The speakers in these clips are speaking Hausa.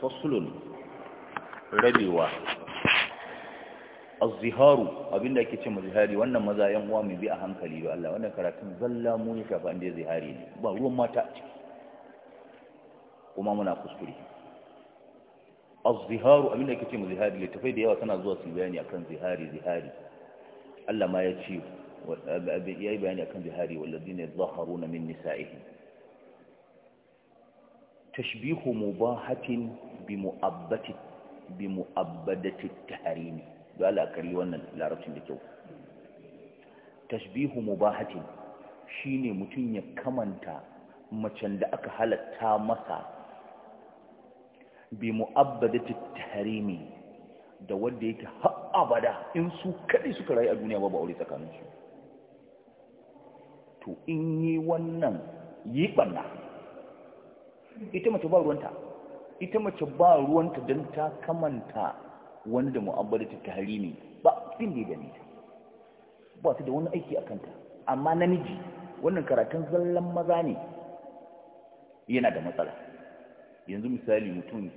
faslun rabewa azziharu abinda ake ce mazihari wannan maza yan uwa mai bi a hankali ba Allah wannan karatun zalla muni ne inda zihari ne ba ruwan mata kuma muna kuskure azziharu abinda ake ce mazihari littafai da yawa tana zuwa su bayani akan zihari zihari Allah ma ya ce ya yi bayani akan zihari wallazina yadhharuna min nisa'ihim tashbihu mubahatin bi mu'abbati bi mu'abbadati tahrimi dole akari wannan larabcin da kyau tashbihu mubahatin shine mutum ya kamanta macen da aka halatta masa bi mu'abbadati tahrimi da wanda yake har abada in su kadai suka rayu a duniya babu aure tsakaninsu to in yi wannan yi banna ita mace ba ruwanta ita mace ba ruwanta don ta kamanta wani da mu'abbalata ta ne ba fin da ya ta ba ta da wani aiki a kanta amma namiji wannan karatun zallan maza ne yana da matsala yanzu misali mutum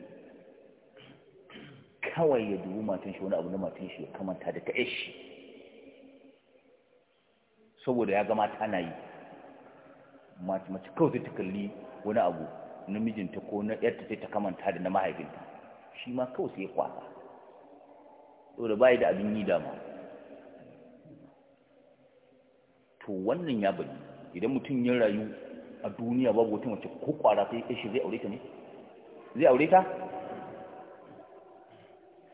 kawai ya dubu matan shi wani abu na matan shi ya kamanta da ta ishi saboda ya gama tana yi mace kawai ta kalli wani abu namijinta ko na yarta sai ta kamanta da na mahaifinta shi ma kawai sai ya kwasa saboda bayi da abin yi dama to wannan ya bari idan mutum ya rayu a duniya babu wata mace ko kwara sai ya shirya zai aure ta ne zai aure ta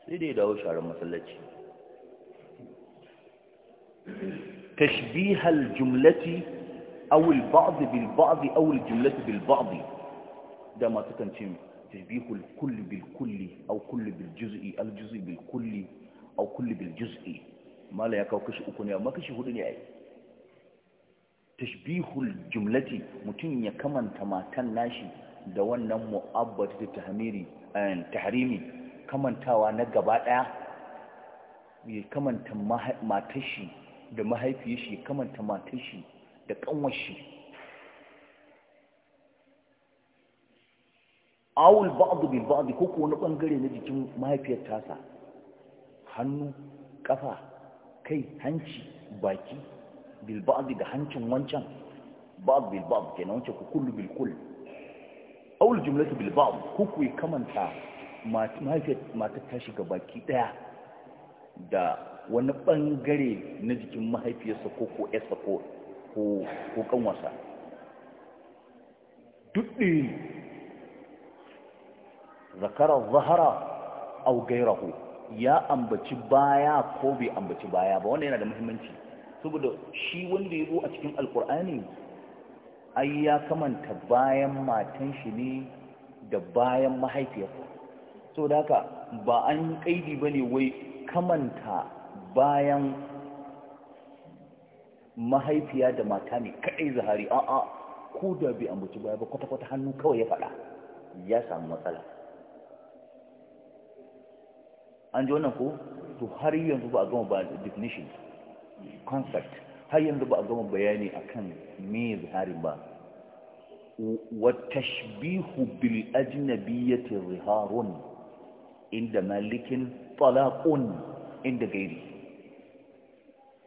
sai dai dawo sharar masallaci تشبيه الجملة أو البعض بالبعض أو الجملة بالبعض masu sukan ce tashbihul kulli bil kulli aw kulli bil juz'i al juz'i bil kulli aw kulli bil juz'i mala ya kawo kashi uku ne amma kashi hudu ne ai tashbihul jumlati mutum ya kamanta matan nashi da wannan da tahmiri eh, tahrimi kamantawa na gaba daya ya kamanta matashi da mahaifiyar shi kamanta matashi da kanwar shi awul ba'du bil ba'di ko wani bangare na jikin mahaifiyar tasa hannu kafa kai hanci baki bil ba'di da hancin wancan ba'd bil ba'd kenan wancan ku kullu bil kull awul jumlatu bil ba'd ko ku kamanta mahaifiyar ta ta shiga baki daya da wani bangare na jikin mahaifiyarsa ko ko yarsa ko ko kan duk zakara zahara au gairahu ya ambaci baya ko bai ambaci baya ba wannan yana da muhimmanci saboda shi wanda ya bu a cikin alkur'ani ai ya kamanta bayan matan shi ne da bayan mahaifiyarsa so daka ba an kaidi ba ne wai kamanta bayan mahaifiya da mata ne kaɗai zahari a'a ko da bai ambaci baya ba kwata-kwata hannu kawai ya faɗa ya samu matsala an ji wannan ko to har yanzu ba a gama ba definition concept har yanzu ba a gama bayani akan me zaharin ba wa tashbihu bil ajnabiyyati riharun inda malikin talaqun inda gairi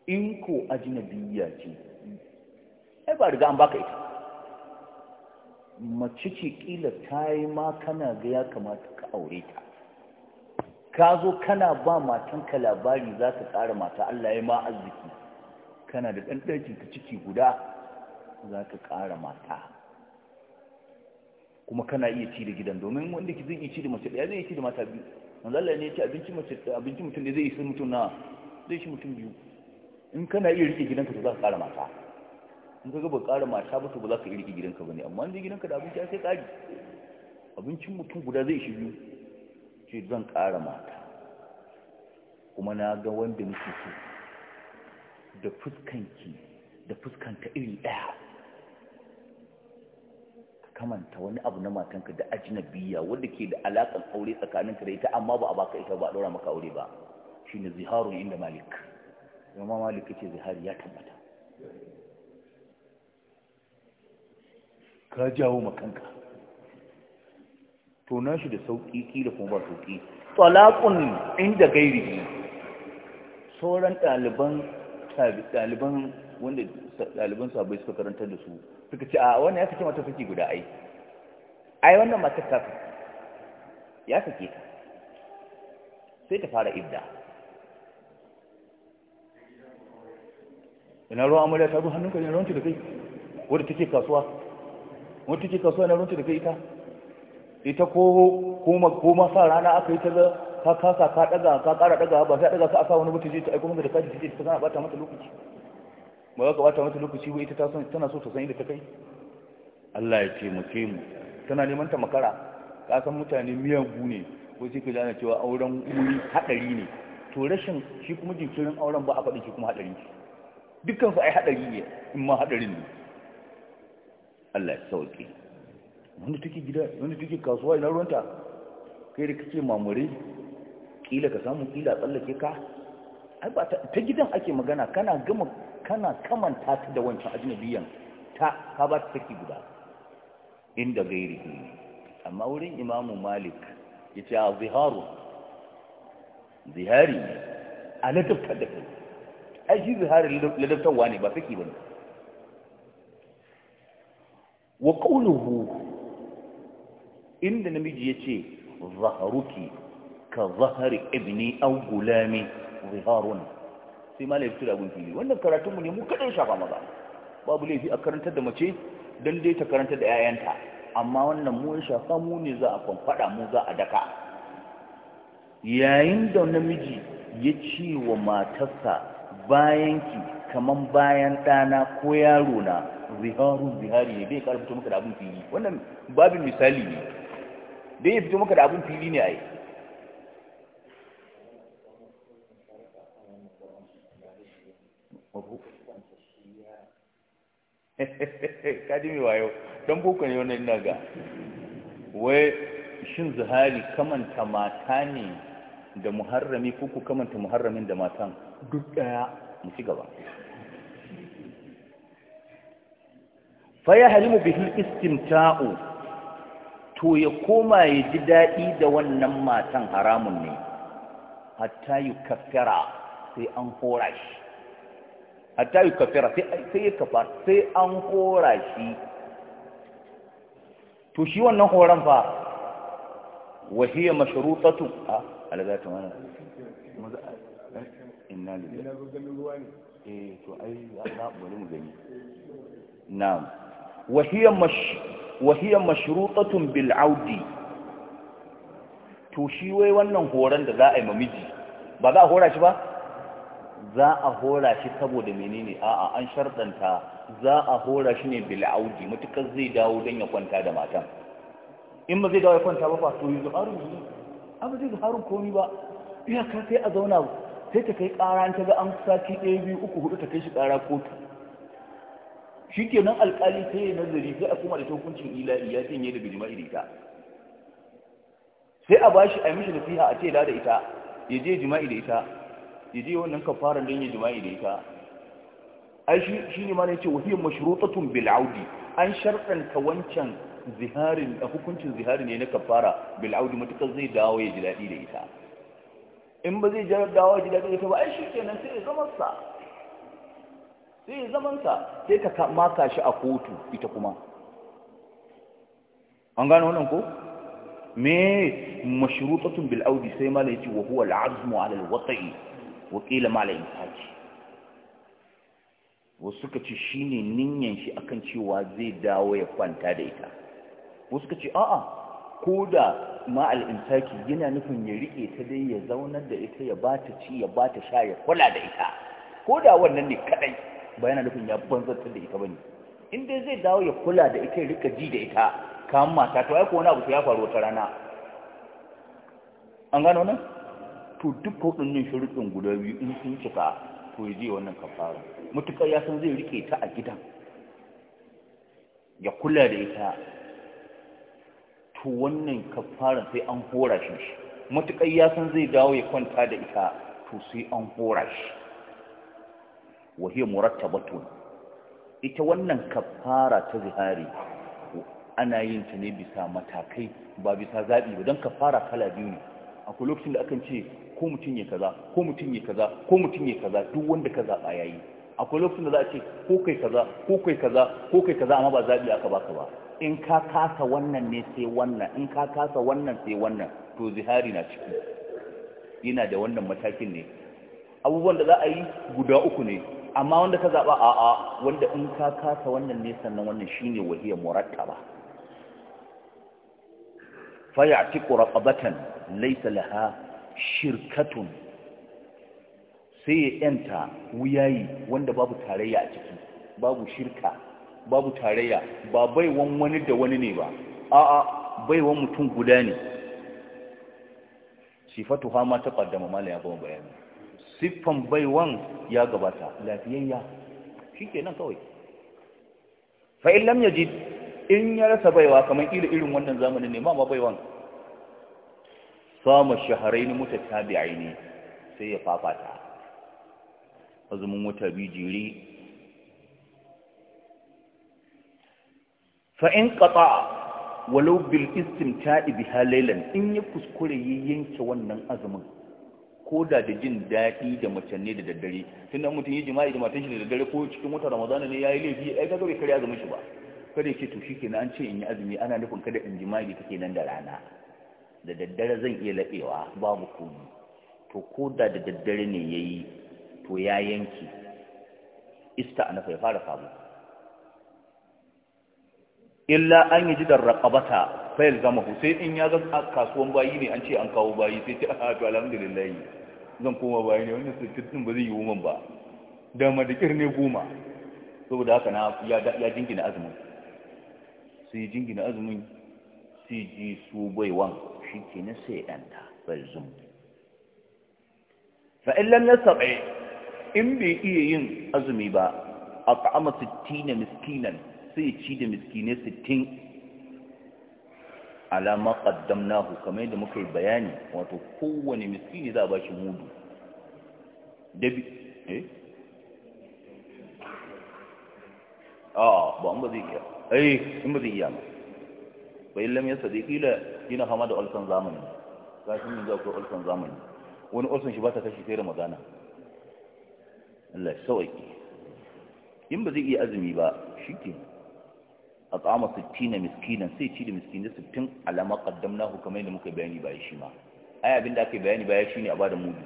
in ko ajnabiyya ce ai ba riga an baka ita mace ce kila tayi ma kana ga ya kamata ka aure ta ka zo kana ba matanka labari za ka ƙara mata Allah ya ma arziki kana da ɗanɗakin ka ciki guda za ka ƙara mata kuma kana iya ci da gidan domin wanda ki zai iya ci da mace ɗaya zai iya ci da mata biyu wanda Allah ne ya ce abinci mace abinci mutum da zai isa mutum na zai shi mutum biyu in kana iya rike gidanka to za ka ƙara mata in ka gaba ƙara mata ba to ba za ka iya rike gidanka ba ne. amma in dai gidanka da abinci ya sai ƙari abincin mutum guda zai shi biyu ce zan ƙara mata kuma na ga wanda muke so da fuskanki da fuskanta iri ɗaya kamanta wani abu na matanka da ajinabiya wadda ke da alakan aure tsakaninka da ita amma ba a baka ita ba a ɗora maka aure ba ne ziharu inda malik yamma malik ce zihari ya tabbata ka jawo makanka to nashi da sauki kila kuma ba sauƙi talaqun inda gairi sauran ɗaliban ɗaliban wanda ɗaliban sabai suka karanta da su suka ce a wannan ya sake mata saki guda ai ai wannan matar ta ya saki ta sai ta fara idda ina ruwa amarya ta zo hannunka ne ruwanci da kai wadda take kasuwa wadda take kasuwa na ruwanci da kai ita ita ko kuma sa rana aka yi ta za ka kasa ka daga ka kara daga ba sai daga ka aka wani mutum ta aiko maka da kaji ta zana bata mata lokaci ba za ka bata mata lokaci ba ita tana so ta san inda ta kai Allah ya ce mu ce mu tana neman ta makara ka san mutane miyan miyagu ne ko sai ka jana cewa auren wuri hadari ne to rashin shi kuma jinkirin auren ba a faɗi shi kuma hadari dukkan su ai hadari ne in ma hadarin ne Allah ya sauke wanda take gida wanda take kasuwa ina ruwanta kai da kace mamure kila ka samu kila tsallake ka ai ba ta gidan ake magana kana gama kana kamanta ta da wancan ajnabiyan ta ka ba ta take guda inda gairi amma wurin imamu malik ya ce a zihari a ladabtar da kai ai shi zihari ladabtarwa ne ba take ba ne wa ƙaunuhu inda namiji ya ce zaharuki ka zahari ibni an gulami zaharun sai ma laifin da fili wannan karatunmu ne mu kaɗan shafa maza babu laifi a karantar da mace don dai ta karantar da 'ya'yanta amma wannan mu ya shafa mu ne za a kwamfada mu za a daka yayin da namiji ya ce wa matarsa bayanki kaman bayan ɗana ko yaro na ziharun zihari ne bai karfito maka da abin fili wannan babin misali ne dai ya fito maka da abin fili ne a yi kaji mai wayo don boko ne wani naga. wai shin zuhari kamanta mata ne da muharrami ko ku kamanta muharramin da matan duk daya mu ci gaba fa ya halimu iskin istimta'u to ya koma ya ji daɗi da wannan matan haramun ne hatta yi kafira sai an hora shi hatta yi kafira sai ya kafa sai an hora shi to shi wannan horon fa wahiyar masharutatu a alazata mana eh, inna lillahi eh to ai za mu gani Na, na'am ya masharutatu wa hiya mashrutatun bil audi to shi wai wannan horon da za a yi mamiji ba za a hora shi ba za a hora shi saboda menene a'a an sharɗanta za a hora shi ne bil audi mutukar zai dawo don ya kwanta da matan in ba zai dawo ya kwanta ba ba to yi zuharun yi abu zai zuharun komi ba iyaka sai a zauna sai ta kai ƙara ta ga an saki ɗaya biyu uku hudu ta kai shi ƙara kotu shi nan alƙali sai ya nazari sai a kuma da hukuncin ilahi ya sanye da jima'i da ita sai a bashi a yi mishi nasiha a ce da da ita ya je jima'i da ita ya je wannan kafaran don yi jima'i da ita ai shi ne ma ne ce wahiyar mashrutatun bil'audi an sharɗanta wancan ziharin a hukuncin ziharin ne na kafara bil'audi matukar zai dawo ya ji daɗi da ita in ba zai dawo ya ji daɗi da ita ba ai shi kenan sai ya zama sa sai zamansa sai ka maka shi a kotu ita kuma an gano wannan ko me mashrutatun bil audi sai malai yace wa huwa al azmu ala al wata'i wa qila malai intaji wasu suka ce shine ninyan shi akan cewa zai dawo ya kwanta da ita wasu suka ce a'a ko da ma al intaki yana nufin ya rike ta dai ya zaunar da ita ya bata ci ya bata sha ya kula da ita koda wannan ne kadai ba yana nufin ya banzantar da ita bane in dai zai dawo ya kula da ita rika ji da ita kaman mata to ai ko wani abu ya faru wata rana an gano nan to duk waɗannan sharuɗin guda biyu in sun cika to ya je wannan kafara mutukar ya san zai rike ta a gidan ya kula da ita to wannan kafaran sai an hora shi mutukar ya san zai dawo ya kwanta da ita to sai an hora shi wa hiya murattabatun ita wannan kafara ta zihari ana yin ta ne bisa matakai ba bisa zabi ba don kafara kala biyu ne akwai lokacin da akan ce ko mutum ya kaza ko mutum ya kaza ko mutum ya kaza duk wanda ka zaba yayi akwai lokacin da za a ce ko kai kaza ko kai kaza ko kai kaza amma ba zabi aka baka ba in ka kasa wannan ne sai wannan in ka kasa wannan sai wannan to zihari na ciki yana da wannan matakin ne abubuwan da za a yi guda uku ne amma wanda ka zaɓa a a wanda in ka kasa wannan ne sannan wannan shine wahiyar murattaba fa ya'tiqu raqabatan laysa laha shirkatun sai ya yanta wuyayi wanda babu tarayya a ciki babu shirka babu tarayya ba baiwan wani da wani ne ba a'a baiwan mutum guda ne sifatu ha ma ta kaddama mala ya bayani siffan baiwan ya gabata lafiyayya shi nan kawai fa in lam in ya rasa baiwa kamar iri irin wannan zamanin nema ma baiwan. Samun baiwan sama shahrayn ne sai ya fafata azumin wata biyu fa’in fa walau bil ta biha laylan in ya kuskure yanke wannan azumin ko da da jin daɗi da macen ne da daddare tun nan mutum yi jima'i da matan shi da daddare ko cikin wata ramadana ne ya yi laifi ya ga bai karya azumin shi ba kada ke to shi na an ce in yi azumi ana nufin kada in jima'i da take nan da rana da daddare zan iya laɓewa babu komi to ko da da daddare ne ya yi to ya yanke ista ana fa ya fara samu illa an yi jidar raƙabata fayil zama sai in ya zama kasuwan bayi ne an ce an kawo bayi sai ce a ah, to alhamdulillahi zan koma baya ne wannan sittin ba zai yi woman ba dama da kirne goma saboda haka na ya jingina azumin sai jingina azumin sai ji su baiwan shi ke na sai ɗanta fa fa'in lam yastati in bai iya yin azumi ba a ta'ama 60 miskinan sai ci da miskinai sittin. Alama ma qaddamnahu kamar yadda muka yi bayani wato kowane miskini za a bashi mudu dabi eh ah ba an ba zai iya eh in ba zai iya ba bai lam ya sadiki la yana hama da ulsan zamani ka san mun ga ko ulsan zamani wani ulsan shi ba ta kashi sai ramadana Allah sauki in ba zai iya azumi ba shi ke. at'ama 60 miskinan sai ci da miskinai 60 alama qaddamnahu kamar yadda muka bayani baya shi ma ai abin da aka bayani baya shine a bada mudu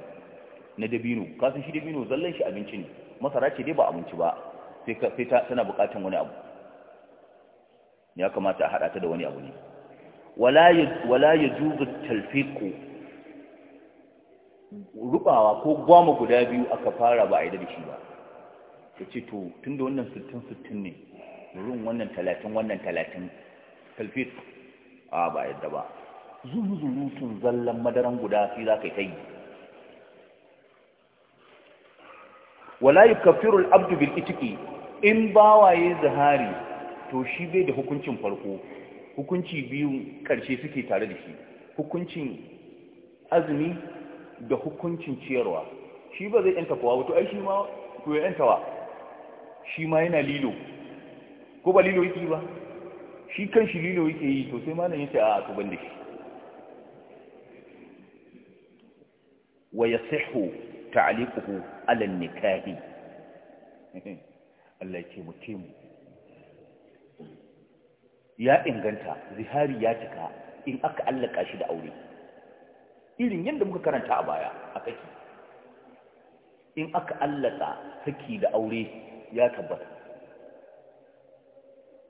na dabino kasan shi dabino zallan shi abinci ne masara ce dai ba abinci ba sai ka sai tana bukatun wani abu ya kamata a hada ta da wani abu ne wala wala yajuzu talfiqu rubawa ko gwama guda biyu aka fara ba a yi da shi ba ce to tunda wannan 60 60 ne yin wannan talatin wannan talatin talfit a ba yadda ba zuzurutun zallan madaran guda sai za ka yi ta yi wala yukaffiru al-abdu bil itqi in bawaye zahari to shi bai da hukuncin farko hukunci biyu karshe suke tare da shi hukuncin azumi da hukuncin ciyarwa shi ba zai yanta kowa wato ai shi ma to ya yanta wa shi ma yana lilo ko ba lilo yake ba shi kan shi lilo yake yi to sai malamin yace a to ban da shi wa yasihu ta'liquhu ala nikahi Allah ya mutum ya inganta zihari ya cika in aka allaka shi da aure irin yadda muka karanta a baya a kaki in aka allaka saki da aure ya tabbata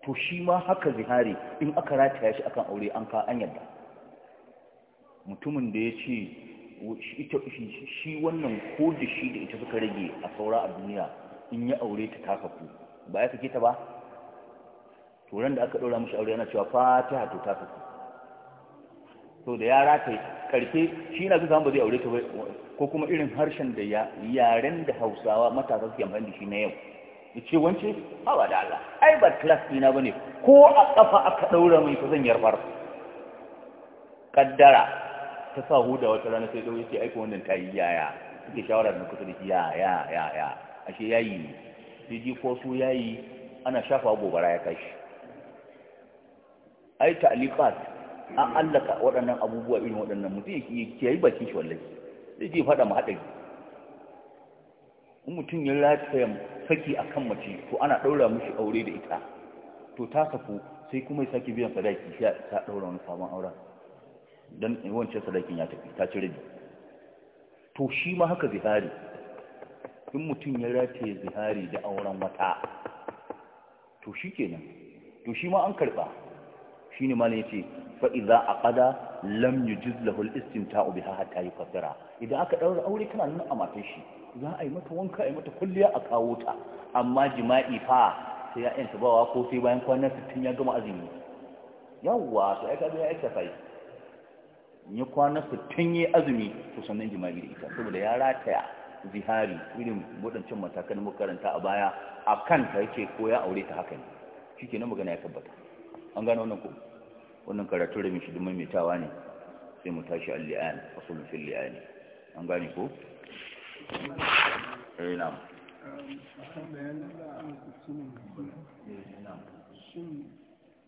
to shi ma haka zihari in aka ya shi akan aure an ka an yadda mutumin da ya ce shi wannan ko da shi da ita suka rage a saura a duniya in ya aure ta ku ba ya kake ta ba turan da aka ɗora mashi aure yana cewa fatiha to kafafu to da ya rataye karfe shi na zuwa ba zai aure ta ko kuma irin harshen da yaren da hausawa matasa suke amfani da shi na yau ya ce wance hawa da Allah ai ba class dina ba ne ko a ƙafa aka ɗaura mai ko zan yarbar kaddara ta sa huda wata rana sai dawo yace ce aiko wannan ta yi yaya suke shawara da kusa da shi ya ya ya ya ashe yayi sai ji ko su yayi ana shafa gobara ya kashi ai ta'liqat an allaka waɗannan abubuwa irin waɗannan mutum yake yayi bakin shi wallahi zai ji faɗa mu hada in mutum ya lafiya saki a kan mace to ana ɗaura mushi aure da ita to ta safu sai kuma ya sake biyan sadaki sai ta ɗaura wani sabon auren don wancan sadakin ya tafi ta ci rabi to shi ma haka zihari in mutum ya rataye zihari da auren wata to shi kenan to shi ma an karɓa shi ne malin ya ce fa'iza a ƙada lam yi jizlahul istin bi ha ta yi fasira idan aka ɗaura aure tana nuna a matan shi za a yi mata wanka a yi mata kulliya a kawo ta amma jima'i fa sai ya yanta bawa ko sai bayan kwanan sittin ya gama azumi yawwa to ai kaga ya safai ya kwana sittin ya azumi to sannan jima'i da ita saboda ya rataya zihari irin muɗancin matakan makaranta a baya a kan ta yake ko ya aure ta haka ne shi ke na magana ya tabbata an gane wannan ko wannan karatun rami shi mai tawa ne sai mu tashi al-li'an asulun fil an gane ko na'am um,